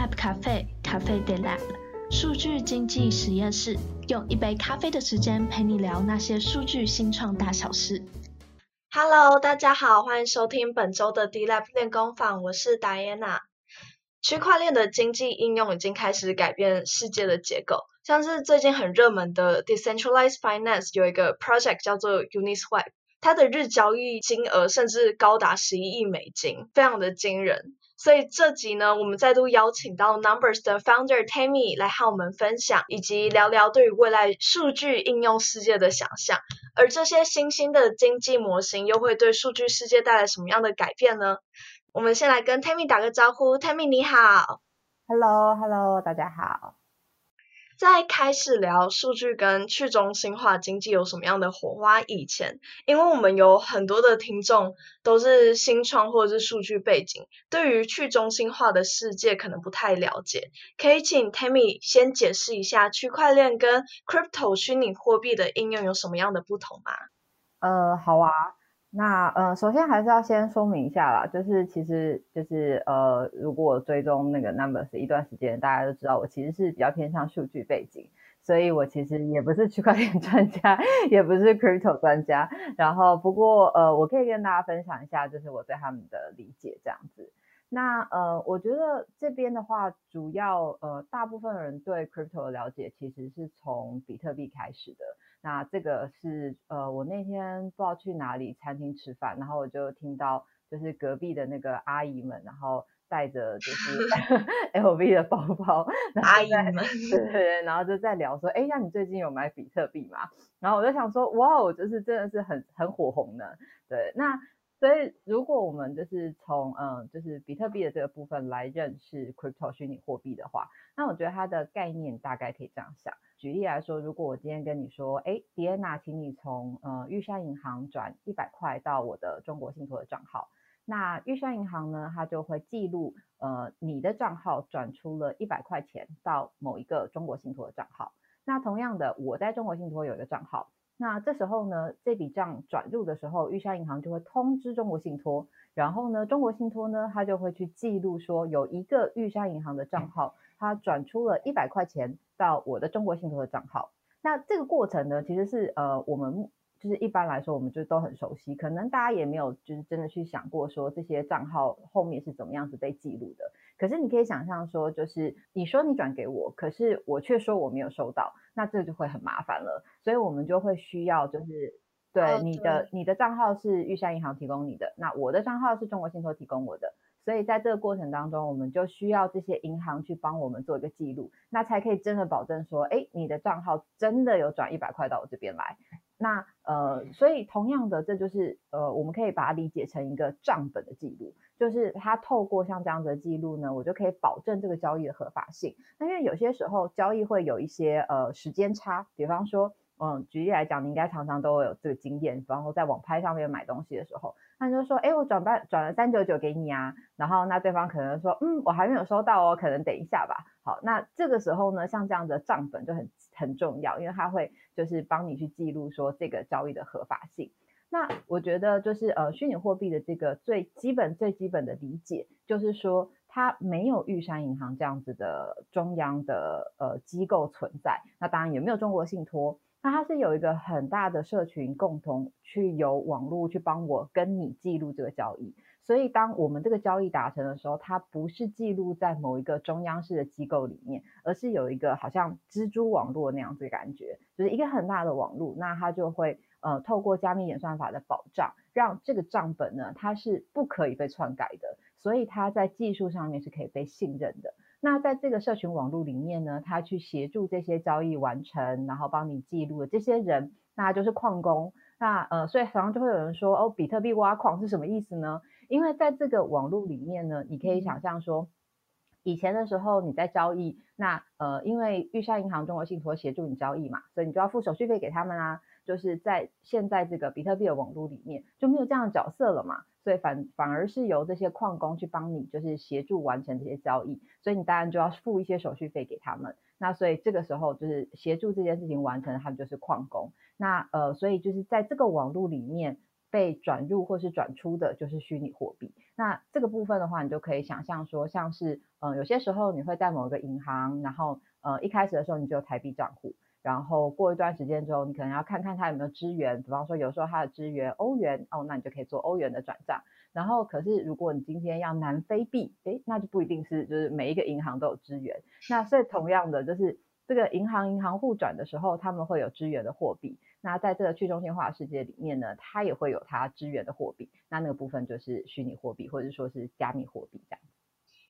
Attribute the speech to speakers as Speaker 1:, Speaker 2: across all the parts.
Speaker 1: Lab Cafe，Cafe de Lab，數據經濟實驗室，用一杯咖啡的時間陪你聊那些數據新創大小事。Hello，大家好，歡迎收聽本周的 de Lab 練功坊，我是 Diana。區塊鏈的經濟應用已經開始改變世界的結構，像是最近很熱門的 Decentralized Finance 有一個 project 叫做 Uniswap，它的日交易金額甚至高達十一億美金，非常的驚人。所以這集呢，我們再度邀請到 Numbers 的 Founder Tammy 來和我們分享，以及聊聊對於未來數據應用世界的想象。而這些新興的經濟模型又會對數據世界帶來什麼樣的改變呢？我們先來跟 Tammy 打個招呼，Tammy 你好。Hello，Hello，大家好。在開始聊數據跟去中心化經濟有什麼樣的火花以前，因為我們有很多的聽眾都是新創或者是數據背景，對於去中心化的世界可能不太了解，可以請 Tammy 先解釋一下區塊鏈跟 crypto 虛擬貨幣的應用有什麼樣的不同嗎？
Speaker 2: 呃，好啊。那呃首先還是要先說明一下啦，就是其實就是呃，如果我追蹤那個 Numbers 一段時間，大家都知道我其實是比較偏向數據背景，所以我其實也不是區塊鏈專家，也不是 crypto 專家。然後不過呃，我可以跟大家分享一下，就是我對他們的理解這樣子。那呃，我覺得這邊的話，主要呃，大部分人對 crypto 的了解其實是從比特幣開始的。那這個是呃，我那天不知道去哪裡餐廳吃飯，然後我就聽到就是隔壁的那個阿姨們，然後帶着就是 LV 的包包，阿姨們， 對對對，然後就在聊說，哎呀，那你最近有買比特幣嗎？然後我就想說，哇哦，就是真的是很很火紅的，對，那。所以，如果我們就是從嗯，就是比特幣的這個部分來認識 crypto 虛擬貨幣的話，那我覺得它的概念大概可以這樣想。舉例來說，如果我今天跟你說，誒，Diana，請你從呃玉山銀行轉一百塊到我的中國信託的賬號。那玉山銀行呢，它就會記錄呃你的賬號轉出了一百塊錢到某一個中國信託的賬號。那同樣的，我在中國信託有一個賬號。那這時候呢，這筆賬轉入的時候，玉山銀行就會通知中國信託，然後呢，中國信託呢，它就會去記錄說有一個玉山銀行的賬號，它轉出了一百塊錢到我的中國信託的賬號。那這個過程呢，其實是呃，我們就是一般來說，我們就都很熟悉，可能大家也沒有就是真的去想過說這些賬號後面是怎麼樣子被記錄的。可是你可以想象說，就是你說你轉給我，可是我卻說我沒有收到，那這就會很麻煩了。所以我們就會需要，就是對，哦、對，你的你的賬號是玉山銀行提供你的，那我的賬號是中國信託提供我的。所以在這個過程當中，我們就需要這些銀行去幫我們做一個記錄，那才可以真的保證說，誒，你的賬號真的有轉一百塊到我這邊來。那呃，所以同樣的，這就是呃，我們可以把它理解成一個賬本的記錄，就是它透過像這樣子的記錄呢，我就可以保證這個交易的合法性。那因為有些時候交易會有一些呃時間差，比方說。嗯，舉例來講，你應該常常都會有這個經驗，然後在網拍上面買東西的時候，他就說：“哎，我轉半轉了三九九給你啊。”然後那對方可能說：“嗯，我還沒有收到哦，可能等一下吧。”好，那這個時候呢，像這樣的賬本就很很重要，因為它會就是幫你去記錄說這個交易的合法性。那我覺得就是呃，虛擬貨幣的這個最基本最基本的理解就是說，它沒有玉山銀行這樣子的中央的呃機構存在，那當然也沒有中國信託。那它是有一個很大的社群共同去由網絡去幫我跟你記錄這個交易，所以當我們這個交易達成的時候，它不是記錄在某一個中央式的機構裡面，而是有一個好像蜘蛛網絡那樣子的感覺，就是一個很大的網絡。那它就會，呃，透過加密演算法的保障，讓這個賬本呢，它是不可以被篡改的，所以它在技術上面是可以被信任的。那在這個社群網絡裡面呢，他去協助這些交易完成，然後幫你記錄的這些人，那就是礦工。那呃，所以常常就會有人說，哦，比特幣挖礦是什麼意思呢？因為在這個網絡裡面呢，你可以想象說，以前的時候你在交易，那呃，因為玉山銀行、中國信託協助你交易嘛，所以你就要付手續費給他們啊。就是在現在這個比特幣的網路裡面就沒有這樣的角色了嘛，所以反反而是由這些礦工去幫你，就是協助完成這些交易，所以你當然就要付一些手續費給他們。那所以這個時候就是協助這件事情完成，他們就是礦工。那呃，所以就是在這個網路裡面被轉入或是轉出的就是虛擬貨幣。那這個部分的話，你就可以想象說，像是嗯、呃，有些時候你會在某一個銀行，然後呃，一開始的時候你就有台幣賬戶。然後過一段時間之後，你可能要看看它有沒有支援，比方說有時候它的支援歐元，哦，那你就可以做歐元的轉賬。然後可是如果你今天要南非幣，誒，那就不一定是就是每一個銀行都有支援。那所以同樣的，就是這個銀行銀行互轉的時候，他們會有支援的貨幣。那在這個去中心化世界裡面呢，它也會有它支援的貨幣。那那個部分就是虛擬貨幣或者是說是加密貨幣這樣。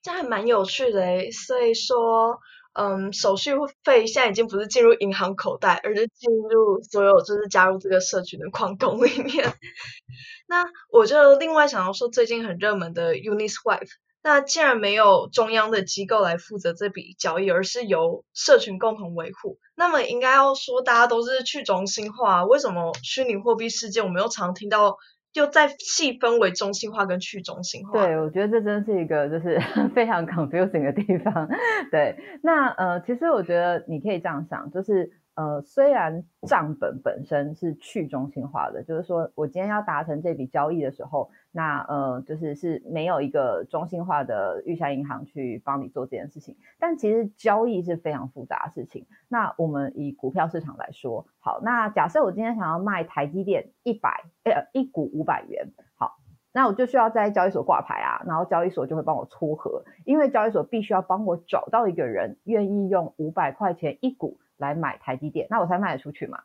Speaker 1: 這還蠻有趣的欸，所以說。嗯，um, 手續費現在已經不是進入銀行口袋，而是進入所有就是加入這個社群的礦工裡面。 那我就另外想要說，最近很熱門的 Uniswap，那既然沒有中央的機構來負責這筆交易，而是由社群共同維護，那麼應該要說大家都是去中心化。為什麼虛擬貨幣世界我們又常聽到？就再細分為中心化跟去中心化。對，
Speaker 2: 我覺得這真是一個就是非常 confusing 的地方。對，那呃，其實我覺得你可以這樣想，就是。呃，雖然賬本本身是去中心化的，就是說我今天要達成這筆交易的時候，那呃，就是是沒有一個中心化的玉山銀行去幫你做這件事情。但其實交易是非常複雜的事情。那我們以股票市場來說，好，那假設我今天想要賣台積電一百哎、呃、一股五百元，好，那我就需要在交易所掛牌啊，然後交易所就會幫我撮合，因為交易所必須要幫我找到一個人願意用五百塊錢一股。來買台積電，那我才賣得出去嘛。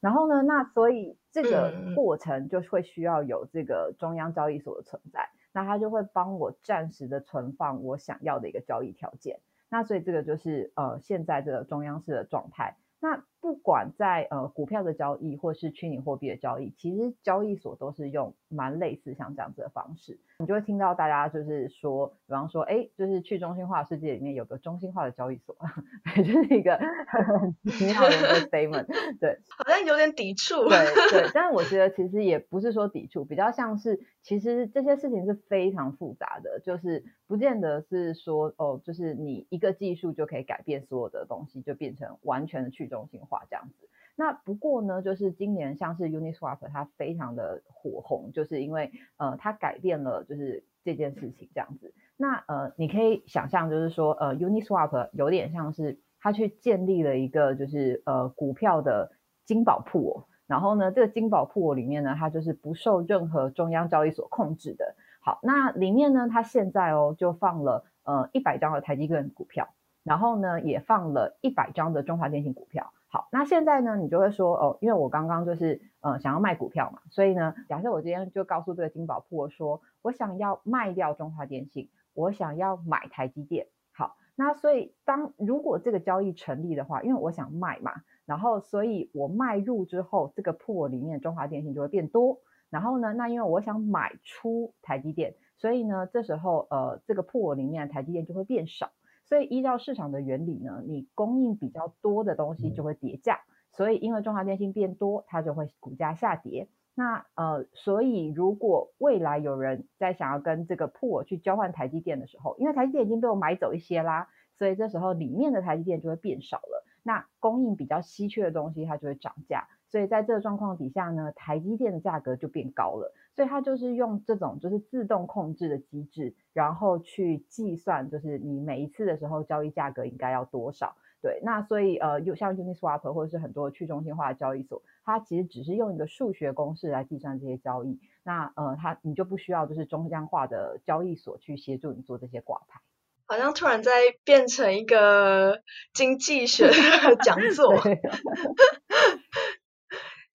Speaker 2: 然後呢，那所以這個過程就會需要有這個中央交易所的存在，那他就會幫我暫時的存放我想要的一個交易條件。那所以這個就是呃，現在這個中央式的狀態。那。不管在呃股票的交易，或是虛擬貨幣的交易，其實交易所都是用蠻類似像這樣子的方式。你就會聽到大家就是說，比方說，哎，就是去中心化世界裡面有個中心化的交易所，呵呵就是一個奇妙的 statement。對， 好像有點抵觸。對。好像有點抵觸。對，對，但我覺得其實也不是說抵觸，比較像是其實這些事情是非常複雜的，就是不見得是說哦，就是你一個技術就可以改變所有的東西，就變成完全的去中心化化這樣子，那不過呢，就是今年像是 Uniswap 它非常的火紅，就是因為呃它改變了就是這件事情這樣子，那呃你可以想象就是說呃 Uniswap 有點像是它去建立了一個就是呃股票的金寶鋪，然後呢這個金寶鋪裡面呢，它就是不受任何中央交易所控制的。好，那裡面呢，它現在哦就放了呃一百張的台積電股票，然後呢也放了一百張的中華電信股票。好，那現在呢，你就會說哦，因為我剛剛就是呃想要賣股票嘛，所以呢，假設我今天就告訴這個金寶鋪，我說我想要賣掉中華電信，我想要買台積電。好，那所以當如果這個交易成立的話，因為我想賣嘛，然後所以我賣入之後，這個鋪裡面的中華電信就會變多，然後呢，那因為我想買出台積電，所以呢，這時候呃這個鋪裡面的台積電就會變少。所以依照市場的原理呢，你供應比較多的東西就會跌價。嗯、所以因為中華電信變多，它就會股價下跌。那呃，所以如果未來有人在想要跟這個 pool 去交換台積電的時候，因為台積電已經被我買走一些啦，所以這時候裡面的台積電就會變少了。那供應比較稀缺的東西，它就會漲價。所以在這個狀況底下呢，台積電的價格就變高了。所以它就是用這種就是自動控制的機制，然後去計算，就是你每一次的時候交易價格應該要多少。對，那所以呃，有像 Uniswap 或者是很多去中心化的交易所，它其實只是用一個數學公式來計算這些交易。那呃，它你就不需要就是中央化的交易所去協助你做這些掛牌。
Speaker 1: 好像突然在變成一個經濟學的講座。 對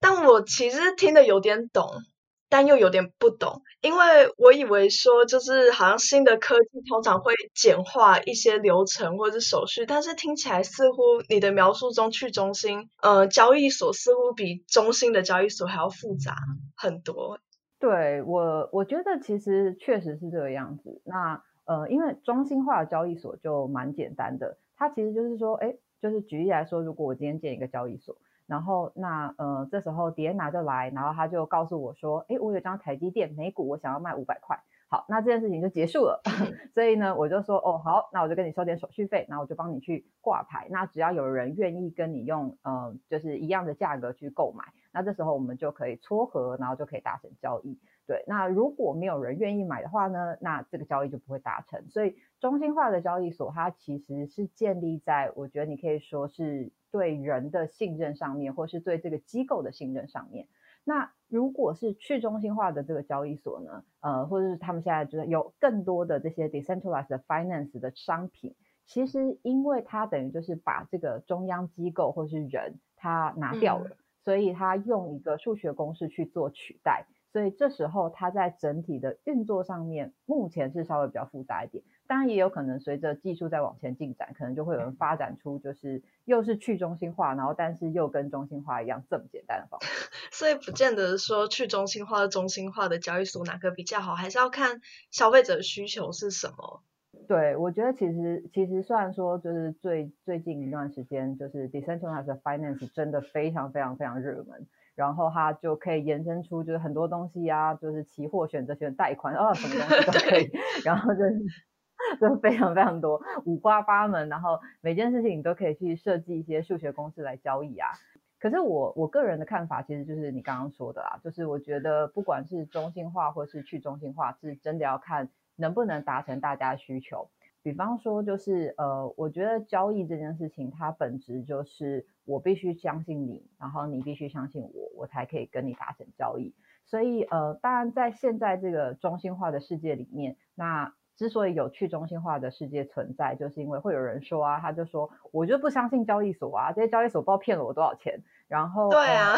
Speaker 1: 但我其實聽得有點懂，但又有點不懂，因為我以為說就是好像新的科技通常會簡化一些流程或者是手續，但是聽起來似乎你的描述中去中心，呃，交易所似乎比中心的交易所還要複雜很多。
Speaker 2: 對，我我覺得其實確實是這個樣子。那呃，因為中心化的交易所就蠻簡單的，它其實就是說，哎，就是舉例來說，如果我今天建一個交易所。然後那呃這時候迪安娜就來，然後他就告訴我說，哎，我有張台積電，每股我想要賣五百塊。好，那這件事情就結束了。 所以呢，我就說，哦好，那我就跟你收點手續費，然後我就幫你去掛牌。那只要有人願意跟你用，呃，就是一樣的價格去購買，那這時候我們就可以撮合，然後就可以達成交易。對，那如果沒有人願意買的話呢？那這個交易就不會達成。所以，中心化的交易所它其實是建立在我覺得你可以說是對人的信任上面，或是對這個機構的信任上面。那如果是去中心化的這個交易所呢？呃，或者是他們現在就是有更多的這些 Decentralized Finance 的商品，其實因為它等於就是把這個中央機構或是人，它拿掉了，嗯、所以它用一個數學公式去做取代。所以這時候，它在整體的運作上面，目前是稍微比較複雜一點。當然，也有可能隨着技術再往前進展，可能就會有人發展出，就是又是去
Speaker 1: 中心化，然後但是
Speaker 2: 又跟中心化一樣這麼簡單的方式。
Speaker 1: 所以不見得說去中心化、中心化的交易所哪個比較好，還是要看消費者的需求是什麼。
Speaker 2: 對，我覺得其實其實雖然說就是最最近一段時間，就是 decentralized finance 真的非常非常非常熱門。然後它就可以延伸出，就是很多東西啊，就是期貨、選擇權、貸款、哦、啊，什麼東西都可以。 對然後就是，就非常非常多，五花八門。然後每件事情你都可以去設計一些數學公式來交易啊。可是我我個人的看法，其實就是你剛剛說的啦，就是我覺得不管是中心化或是去中心化，是真的要看能不能達成大家的需求。比方說，就是呃，我覺得交易這件事情，它本質就是我必須相信你，然後你必須相信我，我才可以跟你達成交易。所以呃，當然在現在這個中心化的世界裡面，那之所以有去中心化的世界存在，就是因為會有人說啊，他就說，我就不相信交易所啊，這些交易所不知道騙了我多少錢。然後對啊、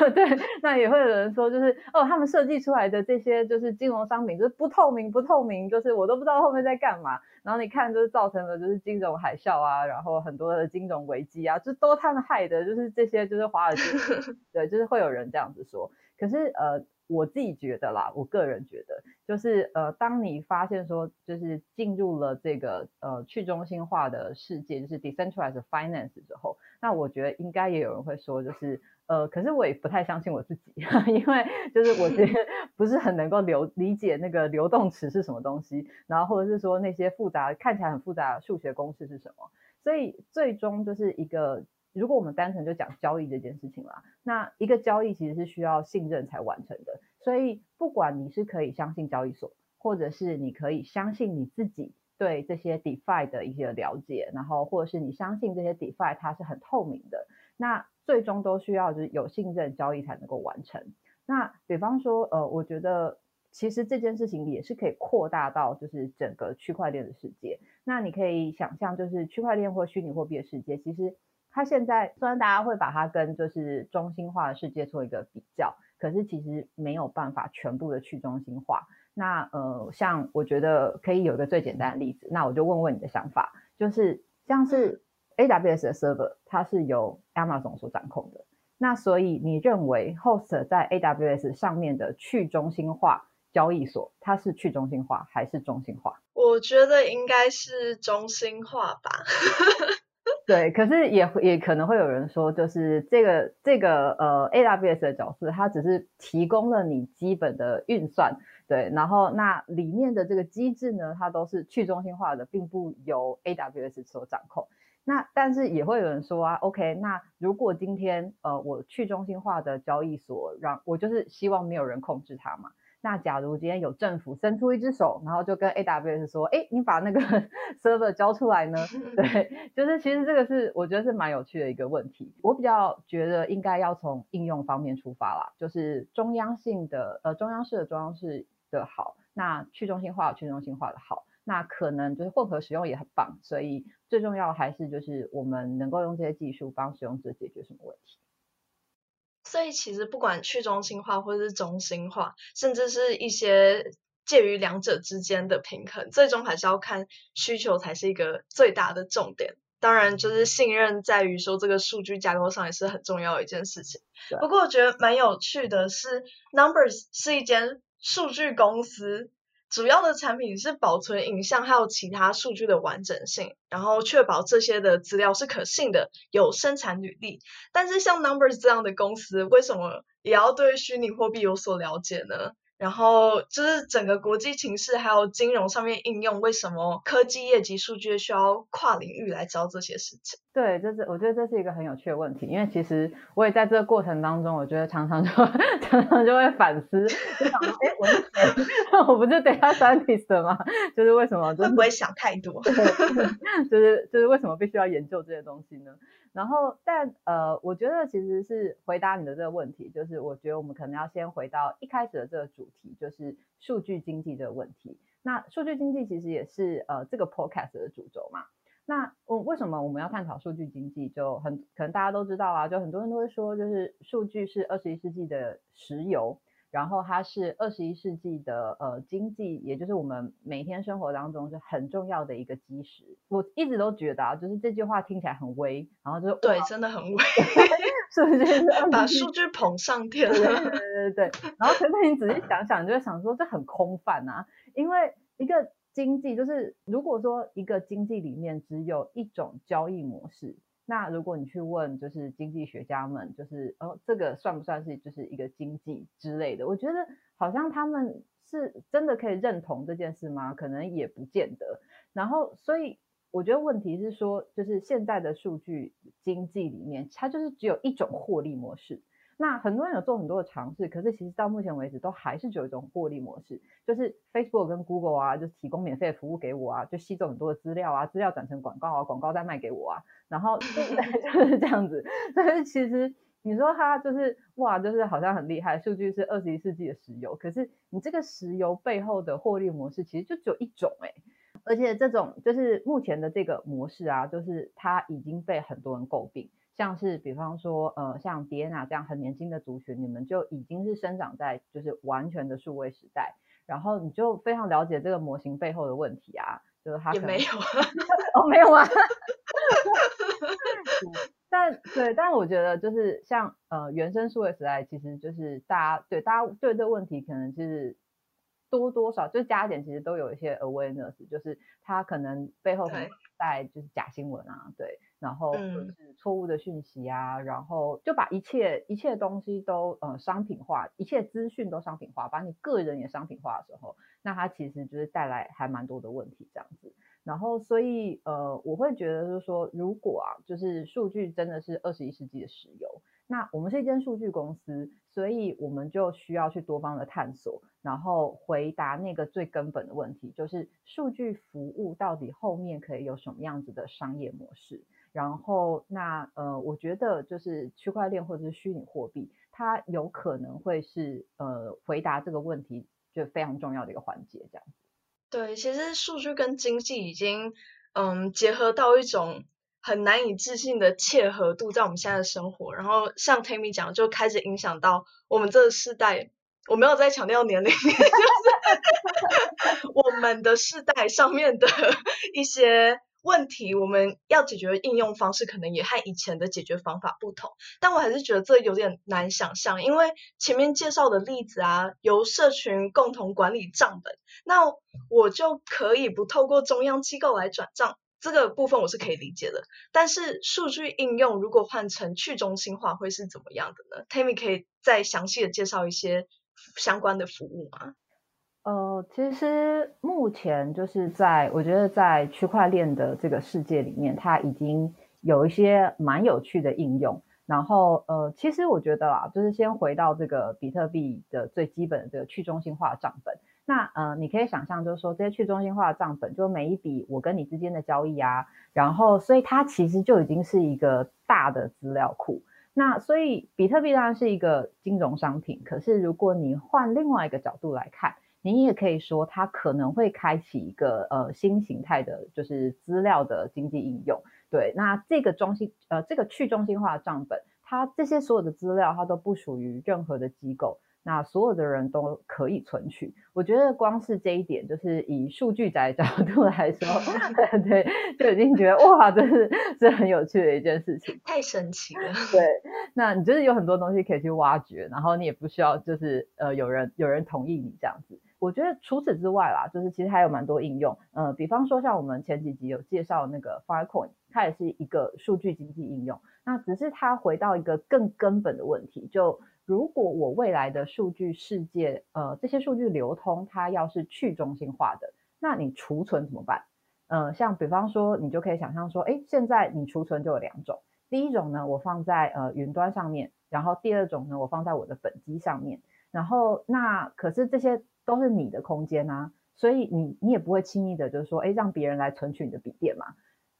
Speaker 2: 嗯， 對，那也會有人說，就是哦，他們設計出來的這些就是金融商品，就是不透明，不透明，就是我都不知道後面在幹嘛。然後你看，就是造成了就是金融海嘯啊，然後很多的金融危機啊，就都他們害的，就是這些就是華爾街， 對，就是會有人這樣子說。可是呃，我自己覺得啦，我個人覺得，就是呃，當你發現說就是進入了這個呃去中心化的世界，就是 decentralized finance 之後。那我覺得應該也有人會說，就是呃，可是我也不太相信我自己，呵呵，因為就是我其實不是很能夠流理解那個流動池是什麼東西，然後或者是說那些複雜看起來很複雜的數學公式是什麼。所以最終就是一個，如果我們單純就講交易這件事情啦，那一個交易其實是需要信任才完成的。所以不管你是可以相信交易所，或者是你可以相信你自己，對這些 DeFi 的一些了解，然後或者是你相信這些 DeFi 它是很透明的，那最終都需要就是有信任交易才能夠完成。那比方說，呃，我覺得其實這件事情也是可以擴大到就是整個區塊鏈的世界。那你可以想象，就是區塊鏈或虛擬貨幣的世界，其實它現在雖然大家會把它跟就是中心化的世界做一個比較，可是其實沒有辦法全部的去中心化。那呃，像我覺得可以有一個最簡單的例子，那我就問問你的想法，就是像是 AWS 的 server，它是由 Amazon 所掌控的，那所以你認為 host 在 AWS 上面的去中心化交易所，它是去中心化還是中心化？
Speaker 1: 我覺得應該是中心化吧。
Speaker 2: 對，可是也會也可能會有人說，就是這個這個呃，AWS 的角色，它只是提供了你基本的運算，對，然後那裡面的這個機制呢，它都是去中心化的，並不由 AWS 所掌控。那但是也會有人說啊，OK，那如果今天呃，我去中心化的交易所讓，讓我就是希望沒有人控制它嘛。那假如今天有政府伸出一隻手，然後就跟 AWS 說，哎，你把那個 server 交出來呢？對，就是其實這個是我覺得是蠻有趣的一個問題。我比較覺得應該要從應用方面出發啦，就是中央性的，呃，中央式的中央式的好，那去中心化的去中心化的好，那可能就是混合使用也很棒。所以最重要的還是就是我們能夠用這些技術幫使用者解決什麼問題。
Speaker 1: 所以其實不管去中心化或者是中心化，甚至是一些介於兩者之間的平衡，最終還是要看需求才是一個最大的重點。當然，就是信任在於說這個數據架構上也是很重要的一件事情。對不過我覺得蠻有趣的是，Numbers 是一間數據公司。主要的產品是保存影像，還有其他數據的完整性，然後確保這些的資料是可信的，有生產履歷。但是像 Numbers 這樣的公司，為什麼也要對虛擬貨幣有所了解呢？然後就是整個國際形勢，還有金融上面應用，為什麼科技業及數據需要跨領域來招這些事情？
Speaker 2: 對，這、就是我覺得這是一個很有趣的問題，因為其實我也在這個過程當中，我覺得常常就常常就會反思， 想，哎，我不是我不是 data scientist 嗎？就是為什麼、就
Speaker 1: 是？會不會想太多？ 就
Speaker 2: 是就是為什麼必須要研究這些東西呢？然後，但呃，我覺得其實是回答你的這個問題，就是我覺得我們可能要先回到一開始的這個主題，就是數據經濟的問題。那數據經濟其實也是呃這個 podcast 的主軸嘛。那我為什麼我們要探討數據經濟？就很可能大家都知道啊，就很多人都會說，就是數據是二十一世紀的石油。然後它是二十一世紀的呃經濟，也就是我們每天生活當中是很重要的一個基石。我一直都覺得啊，就是這句話聽起來很威，然後就對，哇真的很威。
Speaker 1: 是不是把數據
Speaker 2: 捧上天了？ 對對對，對，對然後那你仔細想想， 你就會想說這很空泛啊，因為一個經濟就是如果說一個經濟裡面只有一種交易模式。那如果你去問，就是經濟學家們，就是哦，這個算不算是就是一個經濟之類的？我覺得好像他們是真的可以認同這件事嗎？可能也不見得。然後，所以我覺得問題是說，就是現在的數據經濟裡面，它就是只有一種獲利模式。那很多人有做很多的嘗試，可是其實到目前為止，都還是只有一種獲利模式，就是 Facebook 跟 Google 啊，就提供免費的服務給我啊，就吸走很多的資料啊，資料轉成廣告啊，廣告再賣給我啊，然後就是這樣子。但是其實你說它就是哇，就是好像很厲害，數據是二十一世紀的石油，可是你這個石油背後的獲利模式，其實就只有一種誒。而且這種就是目前的這個模式啊，就是它已經被很多人詬病。像是比方說，呃，像迪安娜這樣很年輕的族群，你們就已經是生長在就是完全的數位時代，然後你就非常了解這個模型背後的問題啊，就是他可能沒有
Speaker 1: 了，我、 哦、沒有啊， 嗯、
Speaker 2: 但對，但我覺得就是像呃原生數位時代，其實就是大家對大家對這個問題，可能是多多少就加點其實都有一些 awareness，就是他可能背後可能帶就是假新聞啊，對。然後就是錯誤的訊息啊，嗯、然後就把一切一切東西都呃商品化，一切資訊都商品化，把你個人也商品化的時候，那它其實就是帶來還蠻多的問題這樣子。然後所以呃我會覺得就是說，如果啊就是數據真的是二十一世紀的石油，那我們是一間數據公司，所以我們就需要去多方的探索，然後回答那個最根本的問題，就是數據服務到底後面可以有什麼樣子的商業模式。然後，那呃，我覺得就是區塊鏈或者是虛擬貨幣，它有可能會是呃，回答這個問題就非常重要的一個環節。這樣，
Speaker 1: 對，其實數據跟經濟已經嗯結合到一種很難以置信的契合度，在我們現在的生活。然後，像 Tammy 講，就開始影響到我們這個世代。我沒有在強調年齡， 就是我們的世代上面的一些。問題，我們要解決的應用方式可能也和以前的解決方法不同，但我還是覺得這有點難想象，因為前面介紹的例子啊，由社群共同管理賬本，那我就可以不透過中央機構來轉賬，這個部分我是可以理解的。但是數據應用如果換成去中心化會是怎麼樣的呢？Tammy 可以再詳細的介紹一些相關的服務嗎？
Speaker 2: 呃，其實目前就是在我覺得在區塊鏈的這個世界裡面，它已經有一些蠻有趣的應用。然後呃，其實我覺得啊，就是先回到這個比特幣的最基本的這個去中心化的賬本。那呃，你可以想象就是說這些去中心化的賬本，就每一筆我跟你之間的交易啊，然後所以它其實就已經是一個大的資料庫。那所以比特幣當然是一個金融商品，可是如果你換另外一個角度來看。你也可以說，它可能會開啟一個呃新形態的，就是資料的經濟應用。對，那這個中心呃這個去中心化的賬本，它這些所有的資料，它都不屬於任何的機構，那所有的人都可以存取。我覺得光是這一點，就是以數據宅角度來說， 對，就已經覺得哇，這是這是很有趣的一件事情，太神奇了。對，那你就是有很多東西可以去挖掘，然後你也不需要就是呃有人有人同意你這樣子。我覺得除此之外啦，就是其實還有蠻多應用，呃，比方說像我們前幾集有介紹那個 Filecoin，它也是一個數據經濟應用。那只是它回到一個更根本的問題，就如果我未來的數據世界，呃，這些數據流通它要是去中心化的，那你儲存怎麼辦？嗯、呃，像比方說你就可以想象說，哎，現在你儲存就有兩種，第一種呢，我放在呃雲端上面，然後第二種呢，我放在我的本機上面，然後那可是這些。都是你的空間啊，所以你你也不會輕易的，就是說，欸，讓別人來存取你的筆電嘛。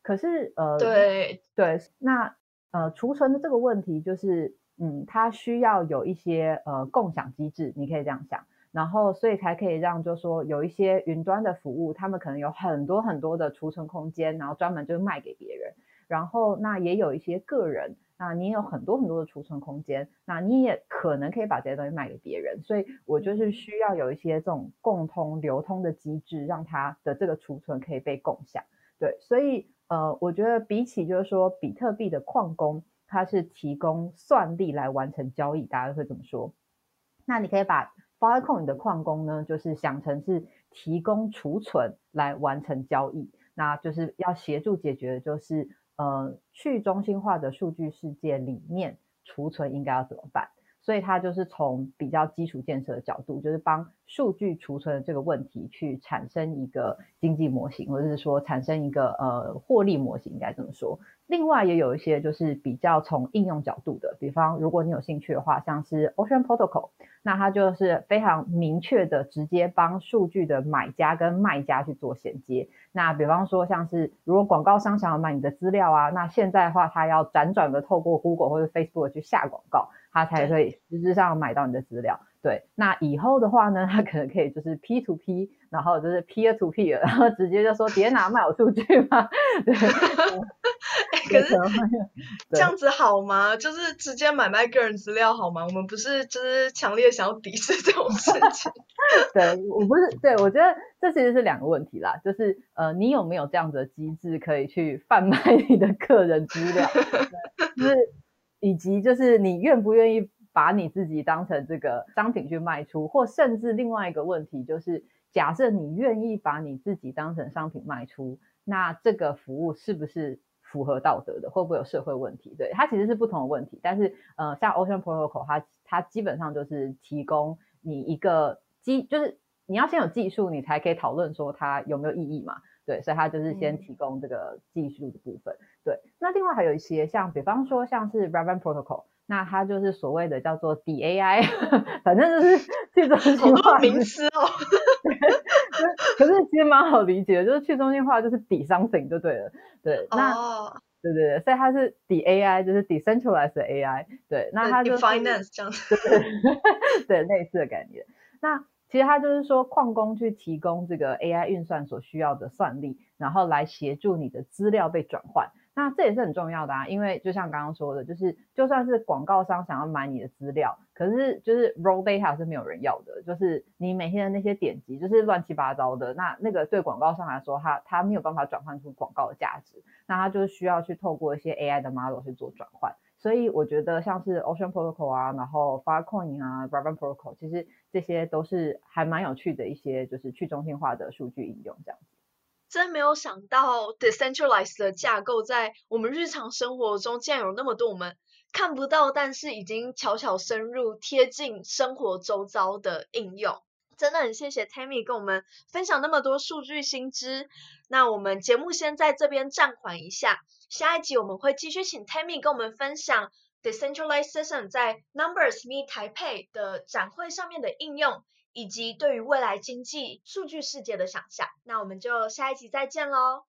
Speaker 2: 可是，呃，對對，那呃，儲存的這個問題就是，嗯，它需要有一些呃共享機制，你可以這樣想，然後所以才可以讓，就是說有一些雲端的服務，他們可能有很多很多的儲存空間，然後專門就是賣給別人，然後那也有一些個人。那你有很多很多的儲存空間，那你也可能可以把這些東西賣給別人，所以我就是需要有一些這種共通流通的機制，讓它的這個儲存可以被共享。對，所以呃，我覺得比起就是說比特幣的礦工，他是提供算力來完成交易，大家會怎麼說？那你可以把 Filecoin 的礦工呢，就是想成是提供儲存來完成交易，那就是要協助解決的就是。呃，去中心化的數據世界裡面，儲存應該要怎麼辦？所以它就是從比較基礎建設的角度，就是幫數據儲存的這個問題去產生一個經濟模型，或者是說產生一個呃獲利模型，應該這麼說。另外也有一些就是比較從應用角度的，比方如果你有興趣的話，像是 Ocean Protocol，那它就是非常明確的直接幫數據的買家跟賣家去做銜接。那比方說像是如果廣告商想要買你的資料啊，那現在的話他要輾轉的透過 Google 或者 Facebook 去下廣告，他才可以實質上買到你的資料。對，那以後的話呢，他可能可以就是 P 2 P，然後就是 P 2 P，然後直接就說別拿賣我數據嘛。對。
Speaker 1: 可是這樣子好嗎？對 就是直接買賣個人資料好嗎？我們不是就是強烈想要抵制這
Speaker 2: 種事情 對。對，我不是，對，我覺得這其實是兩個問題啦。就是呃，你有沒有這樣子的機制可以去販賣你的個人資料？就是以及就是你願不願意把你自己當成這個商品去賣出？或甚至另外一個問題就是，假設你願意把你自己當成商品賣出，那這個服務是不是？符合道德的，會不會有社會問題？對，它其實是不同的問題，但是呃，像 Ocean Protocol，它它基本上就是提供你一個基，就是你要先有技術，你才可以討論說它有沒有意義嘛。對，所以他就是先提供這個技術的部分。嗯、對，那另外還有一些像，比方說像是 Raven Protocol，那它就是所謂的叫做底 AI，反正就是去中好多名詞哦。可是其實蠻好理解，就是去中心化就是底 something 就對了。對，那、哦、對對對，所以它是底 AI，就是 decentralized AI。對，那它就 finance 這樣子。子對，對，類似的感覺。 那其實他就是說，礦工去提供這個 AI 運算所需要的算力，然後來協助你的資料被轉換。那這也是很重要的啊，因為就像剛剛說的，就是就算是廣告商想要買你的資料，可是就是 raw data 是沒有人要的，就是你每天的那些點擊就是亂七八糟的，那那個對廣告商來說他，他他沒有辦法轉換出廣告的價值，那他就是需要去透過一些 AI 的 model 去做轉換。所以我覺得像是 Ocean Protocol 啊，然後 Filecoin 啊，Raven Protocol，其實這些都是還蠻有趣的一些就是去中心化的數據應用，這樣
Speaker 1: 子。真沒有想到，decentralized 的架構在我們日常生活中，竟然有那麼多我們看不到，但是已經悄悄深入、貼近生活周遭的應用。真的很謝謝 Tammy 跟我們分享那麼多數據新知，那我們節目先在這邊暫緩一下，下一集我們會繼續請 Tammy 跟我們分享 Decentralization 在 Numbers Meet 台北的展會上面的應用，以及對於未來經濟、數據世界的想象，那我們就下一集再見嘍。